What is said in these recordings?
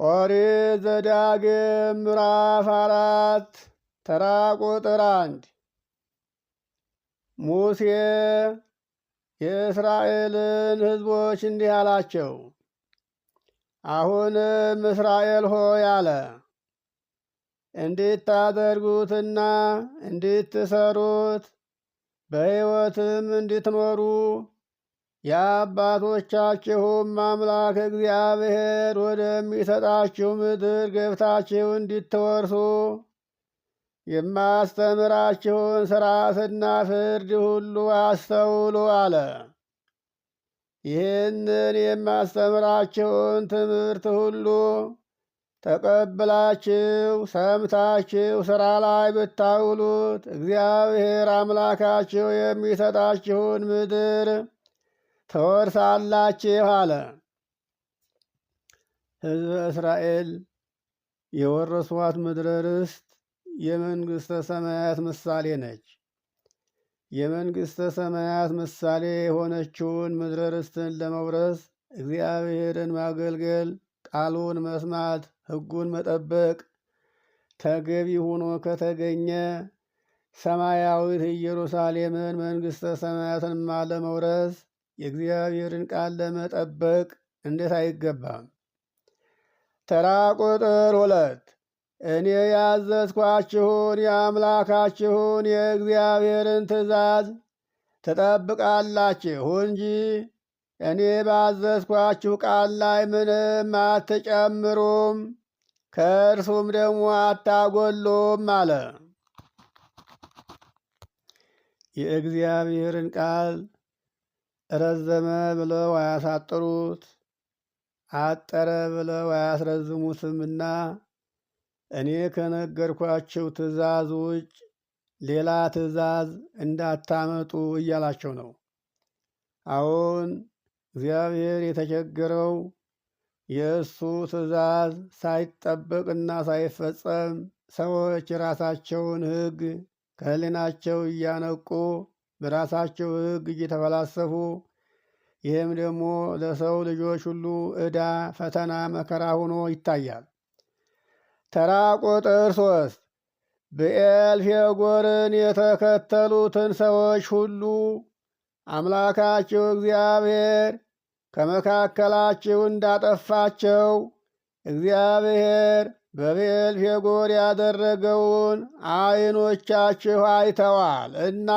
ኦሪት ዘዳግም ምዕራፍ አራት ተራ ቁጥር አንድ ሙሴ የእስራኤልን ሕዝቦች እንዲህ አላቸው። አሁንም እስራኤል ሆይ አለ እንድታደርጉትና እንድትሰሩት በሕይወትም እንድትኖሩ የአባቶቻችሁም አምላክ እግዚአብሔር ወደሚሰጣችሁ ምድር ገብታችሁ እንዲትወርሱ የማስተምራችሁን ሥርዓትና ፍርድ ሁሉ አስተውሉ አለ። ይህንን የማስተምራችሁን ትምህርት ሁሉ ተቀብላችሁ ሰምታችሁ ሥራ ላይ ብታውሉት እግዚአብሔር አምላካችሁ የሚሰጣችሁን ምድር ተወርሳላችሁ አለ። ሕዝበ እስራኤል የወረሷት ምድረ ርስት የመንግሥተ ሰማያት ምሳሌ ነች። የመንግሥተ ሰማያት ምሳሌ የሆነችውን ምድረ ርስትን ለመውረስ እግዚአብሔርን ማገልገል፣ ቃሉን መስማት፣ ሕጉን መጠበቅ ተገቢ ሆኖ ከተገኘ ሰማያዊት ኢየሩሳሌምን መንግሥተ ሰማያትንማ ለመውረስ የእግዚአብሔርን ቃል ለመጠበቅ እንዴት አይገባም? ተራ ቁጥር ሁለት እኔ ያዘዝኳችሁን የአምላካችሁን የእግዚአብሔርን ትእዛዝ ትጠብቃላችሁ እንጂ እኔ ባዘዝኳችሁ ቃል ላይ ምንም አትጨምሩም ከእርሱም ደግሞ አታጎሉም አለ። የእግዚአብሔርን ቃል ረዘመ ብለው አያሳጥሩት፣ አጠረ ብለው አያስረዝሙትምና እኔ ከነገርኳቸው ትእዛዝ ውጭ ሌላ ትእዛዝ እንዳታመጡ እያላቸው ነው። አሁን እግዚአብሔር የተቸገረው የእሱ ትእዛዝ ሳይጠበቅና ሳይፈጸም ሰዎች የራሳቸውን ሕግ ከህሊናቸው እያነቁ በራሳቸው ሕግ እየተፈላሰፉ ይህም ደግሞ ለሰው ልጆች ሁሉ ዕዳ፣ ፈተና፣ መከራ ሆኖ ይታያል። ተራ ቁጥር ሶስት ብኤልፌጎርን የተከተሉትን ሰዎች ሁሉ አምላካችሁ እግዚአብሔር ከመካከላችሁ እንዳጠፋቸው እግዚአብሔር በቤልፌጎር ያደረገውን አይኖቻችሁ አይተዋል እና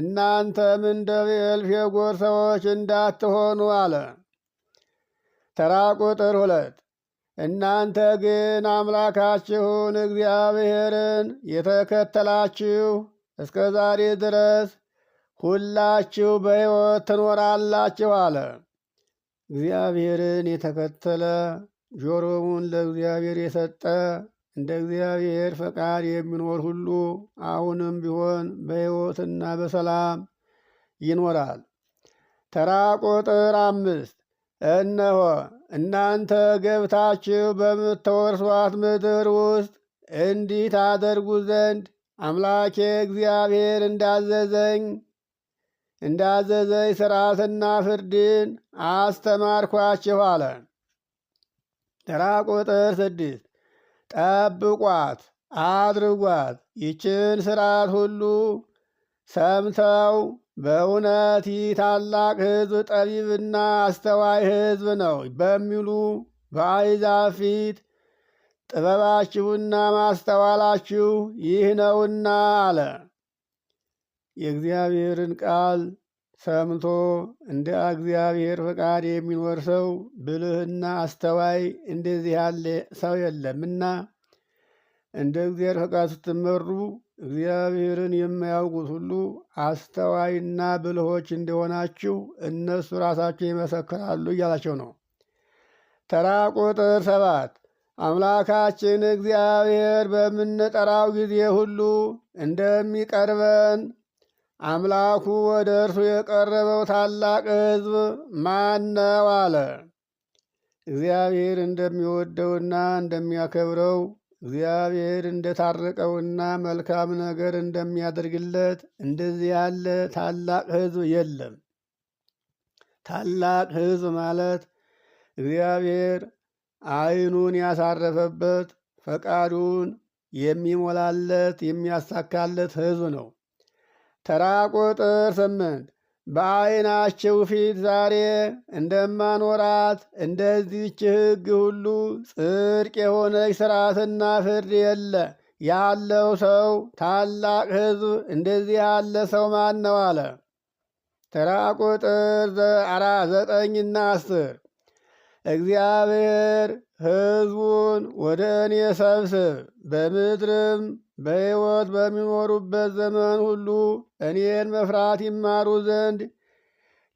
እናንተም እንደ ቤልፌጎር ሰዎች እንዳትሆኑ አለ። ተራ ቁጥር ሁለት እናንተ ግን አምላካችሁን እግዚአብሔርን የተከተላችሁ እስከ ዛሬ ድረስ ሁላችሁ በሕይወት ትኖራላችሁ አለ። እግዚአብሔርን የተከተለ ጆሮውን ለእግዚአብሔር የሰጠ እንደ እግዚአብሔር ፈቃድ የሚኖር ሁሉ አሁንም ቢሆን በሕይወትና በሰላም ይኖራል። ተራ ቁጥር አምስት እነሆ እናንተ ገብታችሁ በምትወርሷት ምድር ውስጥ እንዲህ ታደርጉ ዘንድ አምላኬ እግዚአብሔር እንዳዘዘኝ እንዳዘዘኝ ሥርዓትና ፍርድን አስተማርኳችሁ ተራ ቁጥር ስድስት ጠብቋት አድርጓት ይችን ስርዓት ሁሉ ሰምተው በእውነት ይህ ታላቅ ሕዝብ ጠቢብና አስተዋይ ሕዝብ ነው በሚሉ በአሕዛብ ፊት ጥበባችሁና ማስተዋላችሁ ይህ ነውና አለ። የእግዚአብሔርን ቃል ሰምቶ እንደ እግዚአብሔር ፈቃድ የሚኖር ሰው ብልህና አስተዋይ እንደዚህ ያለ ሰው የለምና እንደ እግዚአብሔር ፈቃድ ስትመሩ እግዚአብሔርን የማያውቁት ሁሉ አስተዋይና ብልሆች እንደሆናችሁ እነሱ ራሳቸው ይመሰክራሉ እያላቸው ነው። ተራ ቁጥር ሰባት አምላካችን እግዚአብሔር በምንጠራው ጊዜ ሁሉ እንደሚቀርበን አምላኩ ወደ እርሱ የቀረበው ታላቅ ሕዝብ ማን ነው አለ። እግዚአብሔር እንደሚወደውና እንደሚያከብረው እግዚአብሔር እንደታረቀውና መልካም ነገር እንደሚያደርግለት እንደዚህ ያለ ታላቅ ሕዝብ የለም። ታላቅ ሕዝብ ማለት እግዚአብሔር ዓይኑን ያሳረፈበት ፈቃዱን የሚሞላለት የሚያሳካለት ሕዝብ ነው። ተራ ቁጥር ስምንት በዐይናችሁ ፊት ዛሬ እንደማኖራት እንደዚህች ሕግ ሁሉ ጽድቅ የሆነች ሥርዓትና ፍርድ የለ ያለው ሰው ታላቅ ሕዝብ እንደዚህ ያለ ሰው ማን ነው አለ። ተራ ቁጥር ዘጠኝና አስር እግዚአብሔር ሕዝቡን ወደ እኔ ሰብስብ፣ በምድርም በሕይወት በሚኖሩበት ዘመን ሁሉ እኔን መፍራት ይማሩ ዘንድ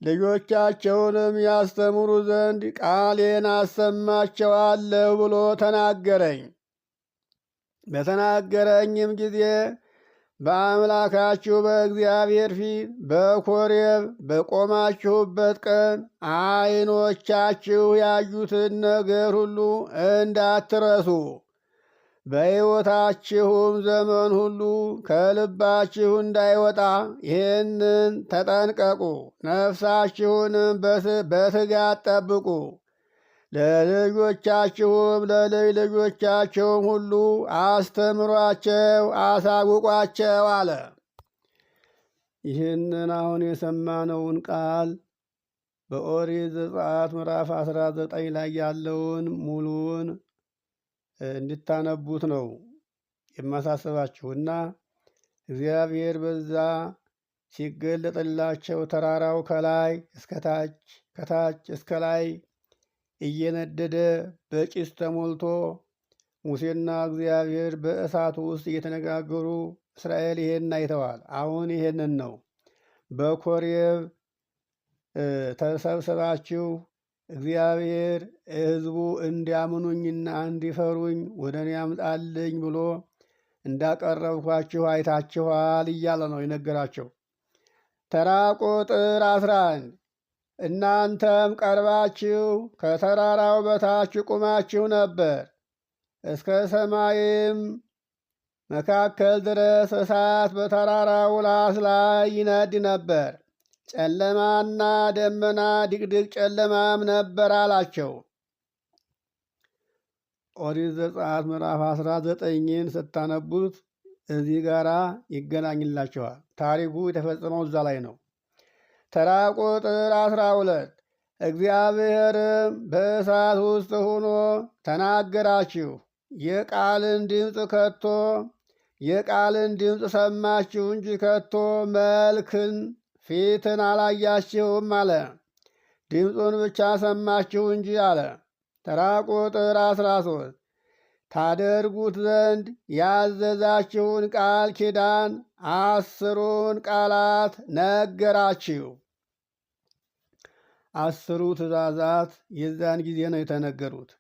ልጆቻቸውንም ያስተምሩ ዘንድ ቃሌን አሰማቸዋለሁ ብሎ ተናገረኝ። በተናገረኝም ጊዜ በአምላካችሁ በእግዚአብሔር ፊት በኮሬብ በቆማችሁበት ቀን አይኖቻችሁ ያዩትን ነገር ሁሉ እንዳትረሱ፣ በሕይወታችሁም ዘመን ሁሉ ከልባችሁ እንዳይወጣ ይህንን ተጠንቀቁ፣ ነፍሳችሁንም በትጋት ጠብቁ። ለልጆቻችሁም ለልጅ ልጆቻችሁም ሁሉ አስተምሯቸው፣ አሳውቋቸው አለ። ይህንን አሁን የሰማነውን ቃል በኦሪት ዘጸአት ምዕራፍ አስራ ዘጠኝ ላይ ያለውን ሙሉውን እንድታነቡት ነው የማሳሰባችሁና እግዚአብሔር በዛ ሲገለጥላቸው ተራራው ከላይ እስከታች ከታች እስከ ላይ እየነደደ በጭስ ተሞልቶ ሙሴና እግዚአብሔር በእሳት ውስጥ እየተነጋገሩ እስራኤል ይሄን አይተዋል። አሁን ይሄንን ነው በኮሬብ ተሰብስባችሁ እግዚአብሔር ሕዝቡ እንዲያምኑኝና እንዲፈሩኝ ወደ እኔ ያምጣልኝ ብሎ እንዳቀረብኳችሁ አይታችኋል እያለ ነው የነገራቸው። ተራ ቁጥር አስራ አንድ እናንተም ቀርባችሁ ከተራራው በታች ቁማችሁ ነበር። እስከ ሰማይም መካከል ድረስ እሳት በተራራው ራስ ላይ ይነድ ነበር። ጨለማና ደመና ድቅድቅ ጨለማም ነበር አላቸው። ኦሪት ዘጸአት ምዕራፍ አስራ ዘጠኝን ስታነቡት እዚህ ጋራ ይገናኝላቸዋል። ታሪኩ የተፈጸመው እዛ ላይ ነው። ተራ ቁጥር አስራ ሁለት እግዚአብሔርም በእሳት ውስጥ ሆኖ ተናገራችሁ፣ የቃልን ድምፅ ከቶ የቃልን ድምፅ ሰማችሁ እንጂ ከቶ መልክን ፊትን አላያችሁም አለ። ድምፁን ብቻ ሰማችሁ እንጂ አለ። ተራ ቁጥር አስራ ሶስት ታደርጉት ዘንድ ያዘዛችሁን ቃል ኪዳን አስሩን ቃላት ነገራችሁ። አስሩ ትእዛዛት የዚያን ጊዜ ነው የተነገሩት።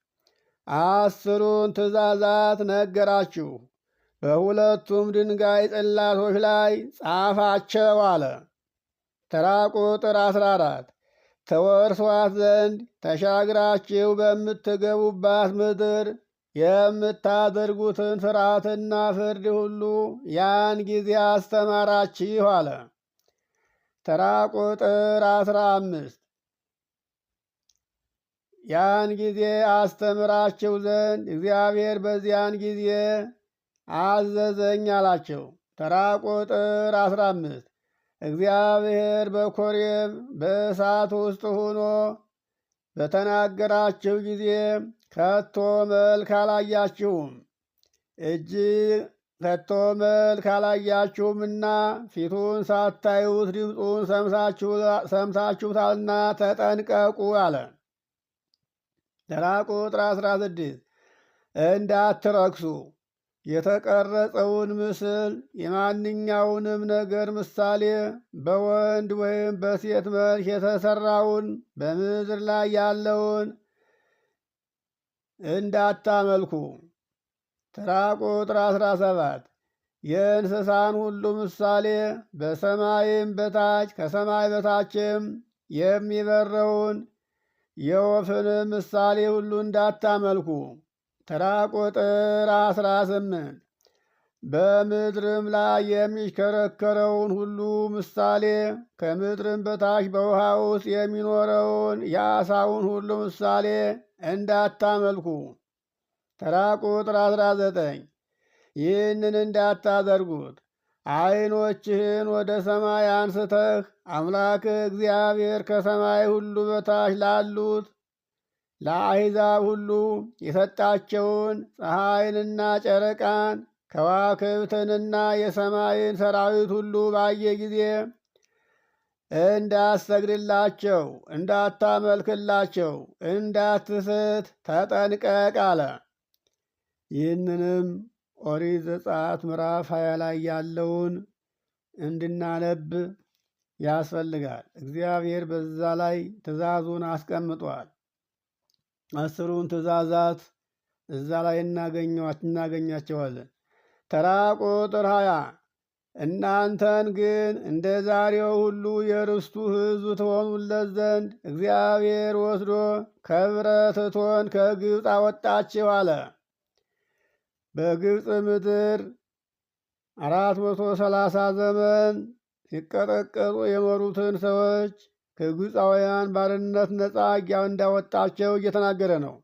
አስሩን ትእዛዛት ነገራችሁ፣ በሁለቱም ድንጋይ ጽላቶች ላይ ጻፋቸው አለ። ተራ ቁጥር አስራ አራት ተወርሷት ዘንድ ተሻግራችሁ በምትገቡባት ምድር የምታደርጉትን ፍርሃትና ፍርድ ሁሉ ያን ጊዜ አስተማራችሁ አለ። ተራ ቁጥር አስራ አምስት ያን ጊዜ አስተምራቸው ዘንድ እግዚአብሔር በዚያን ጊዜ አዘዘኝ አላቸው። ተራ ቁጥር አስራ አምስት እግዚአብሔር በኮሬብ በእሳት ውስጥ ሆኖ በተናገራችሁ ጊዜ ከቶ መልክ አላያችሁም እጅግ ከቶ መልክ አላያችሁምና ፊቱን ሳታዩት ድምፁን ሰምታችሁታልና ተጠንቀቁ አለ። ተራ ቁጥር 16 እንዳትረክሱ የተቀረጸውን ምስል የማንኛውንም ነገር ምሳሌ በወንድ ወይም በሴት መልክ የተሰራውን በምድር ላይ ያለውን እንዳታመልኩ። ተራ ቁጥር 17 የእንስሳን ሁሉ ምሳሌ በሰማይም በታች ከሰማይ በታችም የሚበረውን የወፍን ምሳሌ ሁሉ እንዳታመልኩ። ተራ ቁጥር አስራ ስምንት በምድርም ላይ የሚሽከረከረውን ሁሉ ምሳሌ ከምድርም በታች በውሃ ውስጥ የሚኖረውን የአሳውን ሁሉ ምሳሌ እንዳታመልኩ። ተራ ቁጥር አስራ ዘጠኝ ይህንን እንዳታደርጉት ዐይኖችህን ወደ ሰማይ አንስተህ አምላክ እግዚአብሔር ከሰማይ ሁሉ በታች ላሉት ለአሕዛብ ሁሉ የሰጣቸውን ፀሐይንና ጨረቃን ከዋክብትንና የሰማይን ሰራዊት ሁሉ ባየ ጊዜ እንዳትሰግድላቸው፣ እንዳታመልክላቸው፣ እንዳትስት ተጠንቀቅ አለ። ይህንንም ኦሪት ዘጸአት ምዕራፍ ሀያ ላይ ያለውን እንድናነብ ያስፈልጋል። እግዚአብሔር በዛ ላይ ትእዛዙን አስቀምጧል። አስሩን ትእዛዛት እዛ ላይ እናገኛቸዋለን። ተራ ቁጥር ሀያ እናንተን ግን እንደ ዛሬው ሁሉ የርስቱ ሕዝብ ትሆኑለት ዘንድ እግዚአብሔር ወስዶ ከብረት እቶን ከግብፅ አወጣችሁ አለ። በግብፅ ምድር አራት መቶ ሰላሳ ዘመን ሲቀጠቀጡ የኖሩትን ሰዎች ከግብፃውያን ባርነት ነፃ እንዳወጣቸው እየተናገረ ነው።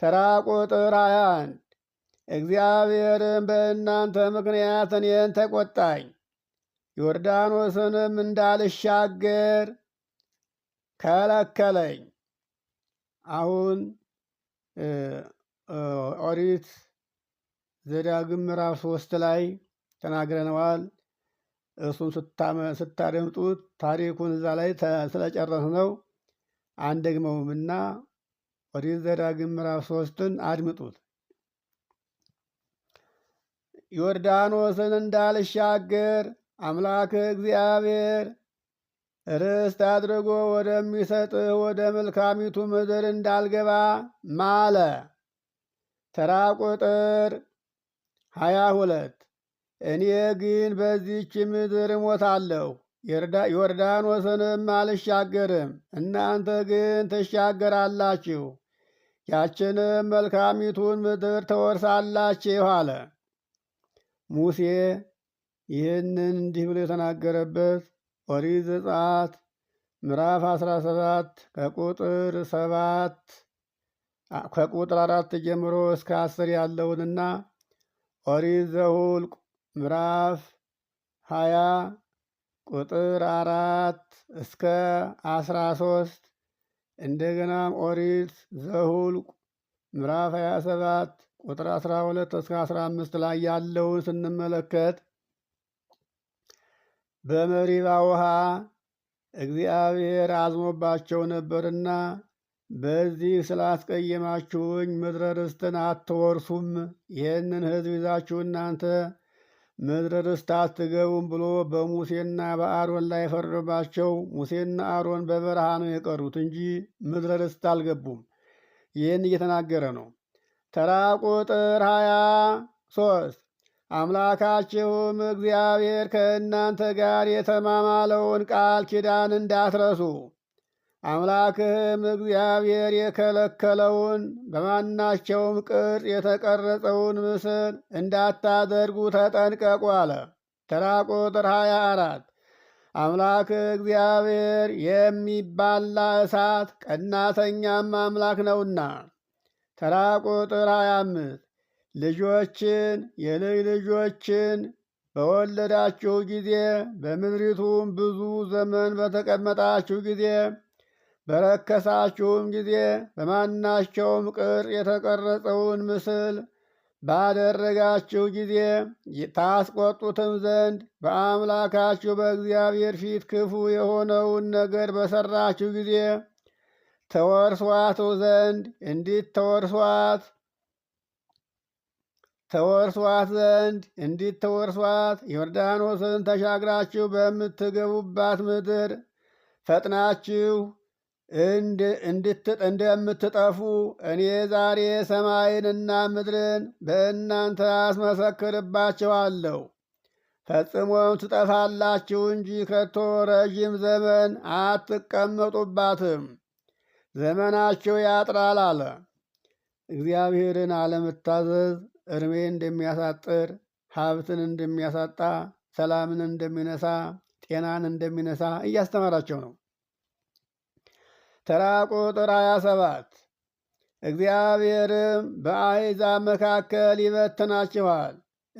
ተራ ቁጥር 21 እግዚአብሔርም በእናንተ ምክንያት እኔን ተቆጣኝ፣ ዮርዳኖስንም እንዳልሻገር ከለከለኝ። አሁን ኦሪት ዘዳግም ምዕራፍ ሶስት ላይ ተናግረነዋል። እሱን ስታደምጡት ታሪኩን እዛ ላይ ስለጨረስ ነው አንደግመውምና ኦሪት ዘዳግም ምዕራፍ ሶስትን አድምጡት። ዮርዳኖስን እንዳልሻገር አምላክ እግዚአብሔር ርስት አድርጎ ወደሚሰጥህ ወደ መልካሚቱ ምድር እንዳልገባ ማለ። ተራ ቁጥር ሀያ ሁለት እኔ ግን በዚች ምድር እሞታለሁ፣ ዮርዳኖስንም አልሻገርም። እናንተ ግን ትሻገራላችሁ፣ ያችንም መልካሚቱን ምድር ተወርሳላችሁ አለ። ሙሴ ይህንን እንዲህ ብሎ የተናገረበት ኦሪት ዘጸአት ምዕራፍ 17 ከቁጥር 7 ከቁጥር አራት ጀምሮ እስከ አስር ያለውንና ኦሪት ዘኍልቍ ምዕራፍ ሀያ ቁጥር አራት እስከ አስራ ሶስት እንደገናም ኦሪት ዘሁልቅ ምዕራፍ ሀያ ሰባት ቁጥር አስራ ሁለት እስከ አስራ አምስት ላይ ያለውን ስንመለከት በመሪባ ውሃ እግዚአብሔር አዝሞባቸው ነበርና በዚህ ስላስቀየማችሁኝ ምድረ ርስትን አትወርሱም። ይህንን ሕዝብ ይዛችሁ እናንተ ምድረ ርስት አትገቡም ብሎ በሙሴና በአሮን ላይ ፈረባቸው ሙሴና አሮን በበረሃ ነው የቀሩት እንጂ ምድረ ርስት አልገቡም። ይህን እየተናገረ ነው። ተራ ቁጥር ሀያ ሶስት አምላካችሁም እግዚአብሔር ከእናንተ ጋር የተማማለውን ቃል ኪዳን እንዳትረሱ አምላክህም እግዚአብሔር የከለከለውን በማናቸውም ቅርጽ የተቀረጸውን ምስል እንዳታደርጉ ተጠንቀቁ አለ። ተራ ቁጥር 24 አምላክ እግዚአብሔር የሚባላ እሳት ቀናተኛም አምላክ ነውና። ተራ ቁጥር 25 ልጆችን የልጅ ልጆችን በወለዳችሁ ጊዜ በምድሪቱም ብዙ ዘመን በተቀመጣችሁ ጊዜ በረከሳችሁም ጊዜ በማናቸውም ቅርጽ የተቀረጸውን ምስል ባደረጋችሁ ጊዜ ታስቆጡትም ዘንድ በአምላካችሁ በእግዚአብሔር ፊት ክፉ የሆነውን ነገር በሰራችሁ ጊዜ ተወርሷቱ ዘንድ እንዲት ተወርሷት ተወርሷት ዘንድ እንዲት ተወርሷት ዮርዳኖስን ተሻግራችሁ በምትገቡባት ምድር ፈጥናችሁ እንደምትጠፉ እኔ ዛሬ ሰማይንና ምድርን በእናንተ አስመሰክርባችኋለሁ። ፈጽሞም ትጠፋላችሁ እንጂ ከቶ ረዥም ዘመን አትቀመጡባትም። ዘመናችሁ ያጥራል አለ። እግዚአብሔርን አለመታዘዝ እድሜ እንደሚያሳጥር፣ ሀብትን እንደሚያሳጣ፣ ሰላምን እንደሚነሳ፣ ጤናን እንደሚነሳ እያስተማራቸው ነው። ተራ ቁጥር 27 እግዚአብሔርም በአሕዛብ መካከል ይበትናችኋል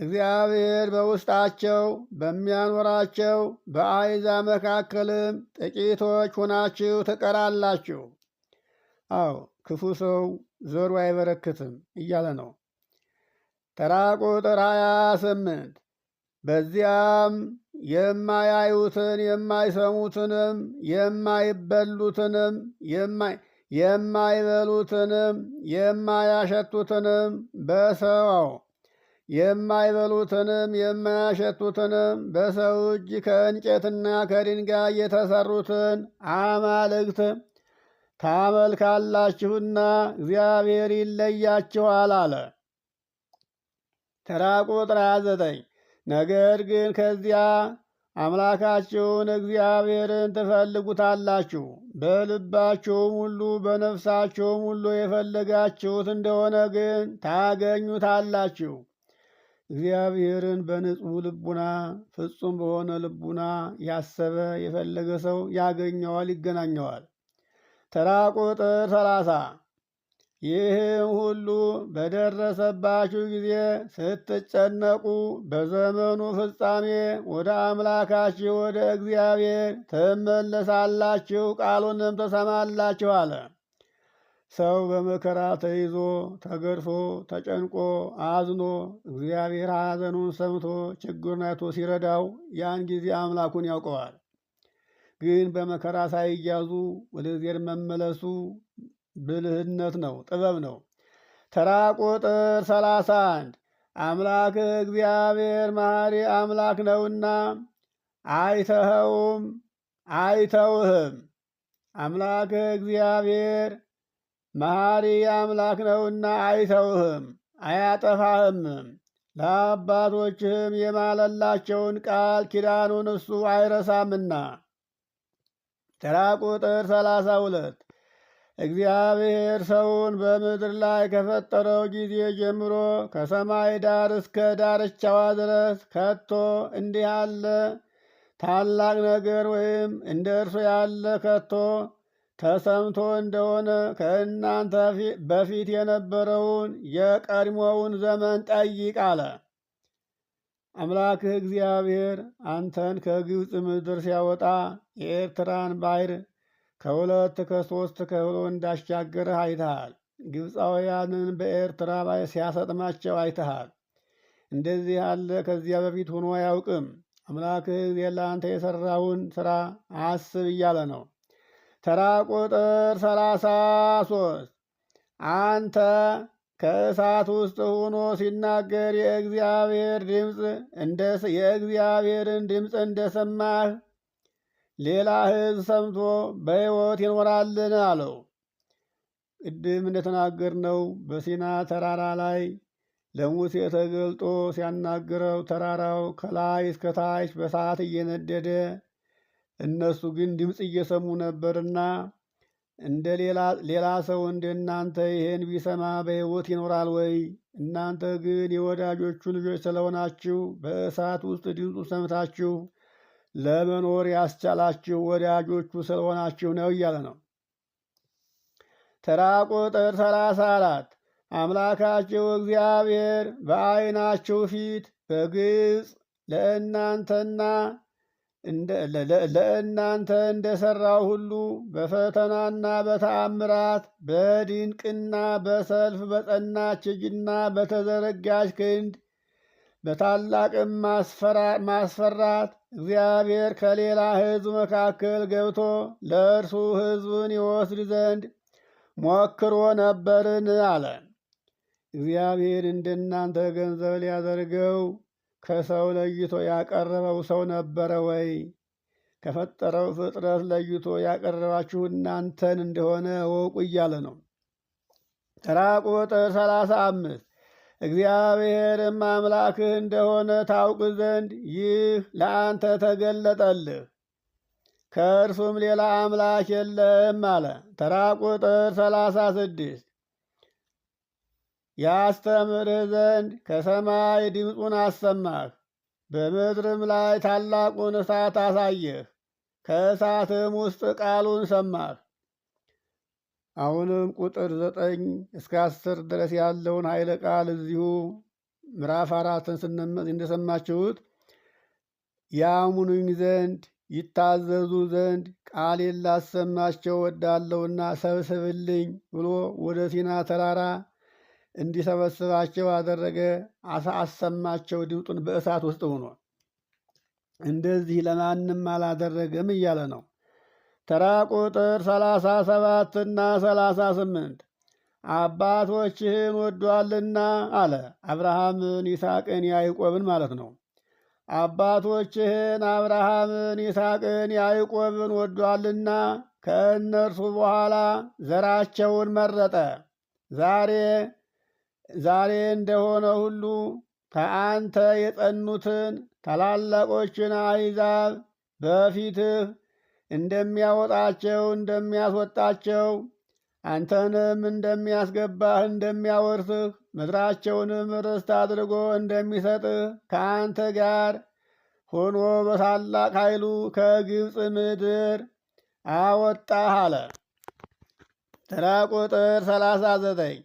እግዚአብሔር በውስጣቸው በሚያኖራቸው በአሕዛብ መካከልም ጥቂቶች ሆናችሁ ትቀራላችሁ። አዎ ክፉ ሰው ዘሩ አይበረክትም እያለ ነው። ተራ ቁጥር 28 በዚያም የማያዩትን የማይሰሙትንም የማይበሉትንም የማይበሉትንም የማያሸቱትንም በሰው የማይበሉትንም የማያሸቱትንም በሰው እጅ ከእንጨትና ከድንጋይ የተሰሩትን አማልክት ታመልካላችሁና እግዚአብሔር ይለያችኋል አለ። ተራ ቁጥር ዘጠኝ ነገር ግን ከዚያ አምላካችሁን እግዚአብሔርን ትፈልጉታላችሁ፣ በልባችሁም ሁሉ በነፍሳችሁም ሁሉ የፈለጋችሁት እንደሆነ ግን ታገኙታላችሁ። እግዚአብሔርን በንጹሕ ልቡና ፍጹም በሆነ ልቡና ያሰበ የፈለገ ሰው ያገኘዋል፣ ይገናኘዋል። ተራ ቁጥር ሰላሳ ይህም ሁሉ በደረሰባችሁ ጊዜ ስትጨነቁ በዘመኑ ፍጻሜ ወደ አምላካችሁ ወደ እግዚአብሔር ትመለሳላችሁ፣ ቃሉንም ተሰማላችሁ አለ። ሰው በመከራ ተይዞ ተገርፎ ተጨንቆ አዝኖ እግዚአብሔር ሐዘኑን ሰምቶ ችግሩን አይቶ ሲረዳው ያን ጊዜ አምላኩን ያውቀዋል። ግን በመከራ ሳይያዙ ወደ እግዚአብሔር መመለሱ ብልህነት ነው፣ ጥበብ ነው። ተራ ቁጥር ሰላሳ አምላክ እግዚአብሔር መሐሪ አምላክ ነውና አይተኸውም አይተውህም። አምላክ እግዚአብሔር መሐሪ አምላክ ነውና አይተውህም አያጠፋህምም። ለአባቶችህም የማለላቸውን ቃል ኪዳኑን እሱ አይረሳምና። ተራ ቁጥር ሰላሳ ሁለት እግዚአብሔር ሰውን በምድር ላይ ከፈጠረው ጊዜ ጀምሮ ከሰማይ ዳር እስከ ዳርቻዋ ድረስ ከቶ እንዲህ አለ ታላቅ ነገር ወይም እንደ እርሱ ያለ ከቶ ተሰምቶ እንደሆነ ከእናንተ በፊት የነበረውን የቀድሞውን ዘመን ጠይቅ አለ። አምላክህ እግዚአብሔር አንተን ከግብፅ ምድር ሲያወጣ የኤርትራን ባሕር ከሁለት ከሶስት ከብሎ እንዳሻገርህ አይተሃል። ግብፃውያንን በኤርትራ ሲያሰጥማቸው አይተሃል። እንደዚህ ያለ ከዚያ በፊት ሆኖ አያውቅም። አምላክህ እግዚአብሔር ለአንተ የሠራውን ሥራ አስብ እያለ ነው። ተራ ቁጥር ሰላሳ ሶስት አንተ ከእሳት ውስጥ ሆኖ ሲናገር የእግዚአብሔር ድምፅ የእግዚአብሔርን ድምፅ እንደሰማህ ሌላ ህዝብ ሰምቶ በሕይወት ይኖራልን አለው። ቅድም እንደተናገርነው በሲና ተራራ ላይ ለሙሴ ተገልጦ ሲያናግረው ተራራው ከላይ እስከ ታች በሰዓት እየነደደ እነሱ ግን ድምፅ እየሰሙ ነበርና እንደ ሌላ ሰው እንደ እናንተ ይሄን ቢሰማ በሕይወት ይኖራል ወይ? እናንተ ግን የወዳጆቹ ልጆች ስለሆናችሁ በእሳት ውስጥ ድምፁ ሰምታችሁ ለመኖር ያስቻላችሁ ወዳጆቹ ስለሆናችሁ ነው እያለ ነው። ተራ ቁጥር ሰላሳ አራት አምላካችሁ እግዚአብሔር በዓይናችሁ ፊት በግልጽ ለእናንተና ለእናንተ እንደሠራው ሁሉ በፈተናና በተአምራት በድንቅና በሰልፍ በጸናች እጅና በተዘረጋች ክንድ በታላቅም ማስፈራት እግዚአብሔር ከሌላ ሕዝብ መካከል ገብቶ ለእርሱ ሕዝብን ይወስድ ዘንድ ሞክሮ ነበርን አለ። እግዚአብሔር እንደናንተ ገንዘብ ሊያደርገው ከሰው ለይቶ ያቀረበው ሰው ነበረ ወይ? ከፈጠረው ፍጥረት ለይቶ ያቀረባችሁ እናንተን እንደሆነ ወቁ እያለ ነው። ተራ ቁጥር ሰላሳ አምስት እግዚአብሔርም አምላክህ እንደሆነ ታውቅ ዘንድ ይህ ለአንተ ተገለጠልህ፣ ከእርሱም ሌላ አምላክ የለም አለ። ተራ ቁጥር ሰላሳ ስድስት ያስተምርህ ዘንድ ከሰማይ ድምፁን አሰማህ፣ በምድርም ላይ ታላቁን እሳት አሳየህ፣ ከእሳትም ውስጥ ቃሉን ሰማህ። አሁንም ቁጥር ዘጠኝ እስከ አስር ድረስ ያለውን ኃይለ ቃል እዚሁ ምዕራፍ አራትን እንደሰማችሁት ያሙኑኝ ዘንድ ይታዘዙ ዘንድ ቃሌን ላሰማቸው ወዳለውና ሰብስብልኝ ብሎ ወደ ሲና ተራራ እንዲሰበስባቸው አደረገ። አሰማቸው ድምጡን በእሳት ውስጥ ሆኖ እንደዚህ ለማንም አላደረገም እያለ ነው። ተራ ቁጥር ሰላሳ ሰባትና ሰላሳ ስምንት አባቶችህን ወዷልና አለ። አብርሃምን ይስሐቅን ያዕቆብን ማለት ነው። አባቶችህን አብርሃምን ይስሐቅን ያዕቆብን ወዷልና ከእነርሱ በኋላ ዘራቸውን መረጠ። ዛሬ ዛሬ እንደሆነ ሁሉ ከአንተ የጸኑትን ታላላቆችን አሕዛብ በፊትህ እንደሚያወጣቸው እንደሚያስወጣቸው አንተንም እንደሚያስገባህ እንደሚያወርስህ ምድራቸውንም ርስት አድርጎ እንደሚሰጥህ ከአንተ ጋር ሆኖ በታላቅ ኃይሉ ከግብፅ ምድር አወጣህ አለ። ተራ ቁጥር ሰላሳ ዘጠኝ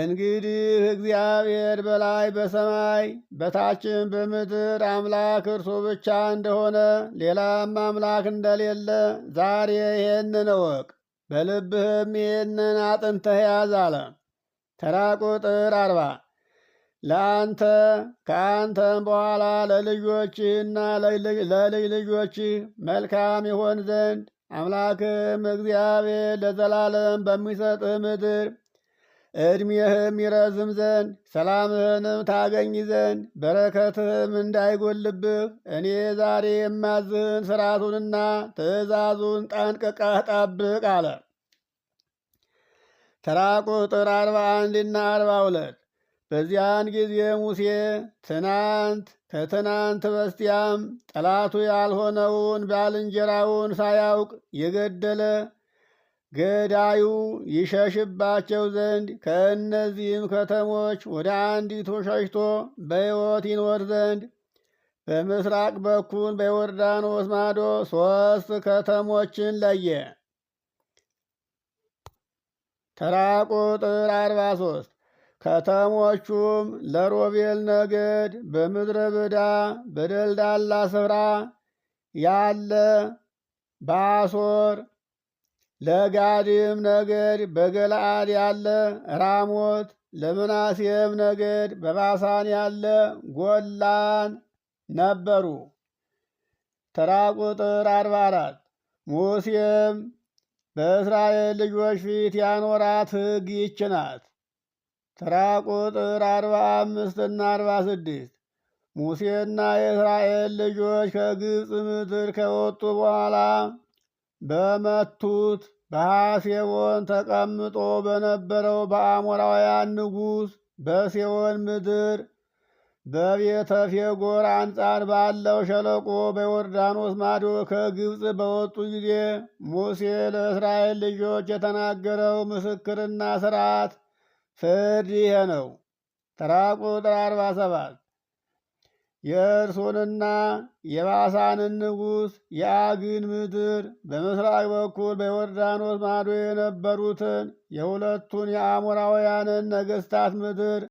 እንግዲህ እግዚአብሔር በላይ በሰማይ በታችም በምድር አምላክ እርሱ ብቻ እንደሆነ ሌላም አምላክ እንደሌለ ዛሬ ይሄንን እወቅ፣ በልብህም ይሄንን አጥንተህ ያዝ አለ። ተራ ቁጥር አርባ ለአንተ ከአንተም በኋላ ለልጆችህና ለልጅ ልጆችህ መልካም ይሆን ዘንድ አምላክም እግዚአብሔር ለዘላለም በሚሰጥህ ምድር እድሜህም ይረዝም ዘንድ ሰላምህንም ታገኝ ዘንድ በረከትህም እንዳይጎልብህ እኔ ዛሬ የማዝህን ስርዓቱንና ትእዛዙን ጠንቅቀህ ጠብቅ አለ። ተራ ቁጥር አርባ አንድና አርባ ሁለት በዚያን ጊዜ ሙሴ ትናንት ከትናንት በስቲያም ጠላቱ ያልሆነውን ባልንጀራውን ሳያውቅ የገደለ ገዳዩ ይሸሽባቸው ዘንድ ከእነዚህም ከተሞች ወደ አንዲቱ ሸሽቶ በሕይወት ይኖር ዘንድ በምስራቅ በኩል በዮርዳኖስ ማዶ ሦስት ከተሞችን ለየ። ተራ ቁጥር አርባ ሶስት ከተሞቹም ለሮቤል ነገድ በምድረ በዳ በደልዳላ ስፍራ ያለ ባሶር ለጋድም ነገድ በገለአድ ያለ ራሞት፣ ለምናሴም ነገድ በባሳን ያለ ጎላን ነበሩ። ተራ ቁጥር አርባ አራት ሙሴም በእስራኤል ልጆች ፊት ያኖራት ሕግ ይች ናት። ተራ ቁጥር አርባ አምስትና አርባ ስድስት ሙሴና የእስራኤል ልጆች ከግብፅ ምድር ከወጡ በኋላ በመቱት በሐሴቦን ተቀምጦ በነበረው በአሞራውያን ንጉሥ በሴዎን ምድር በቤተ ፌጎር አንጻር ባለው ሸለቆ በዮርዳኖስ ማዶ ከግብፅ በወጡ ጊዜ ሙሴ ለእስራኤል ልጆች የተናገረው ምስክርና ስርዓት ፍርድ ይሄ ነው። ተራ ቁጥር 47 የእርሶንና የባሳንን ንጉሥ የአግን ምድር በምስራቅ በኩል በዮርዳኖስ ማዶ የነበሩትን የሁለቱን የአሞራውያንን ነገሥታት ምድር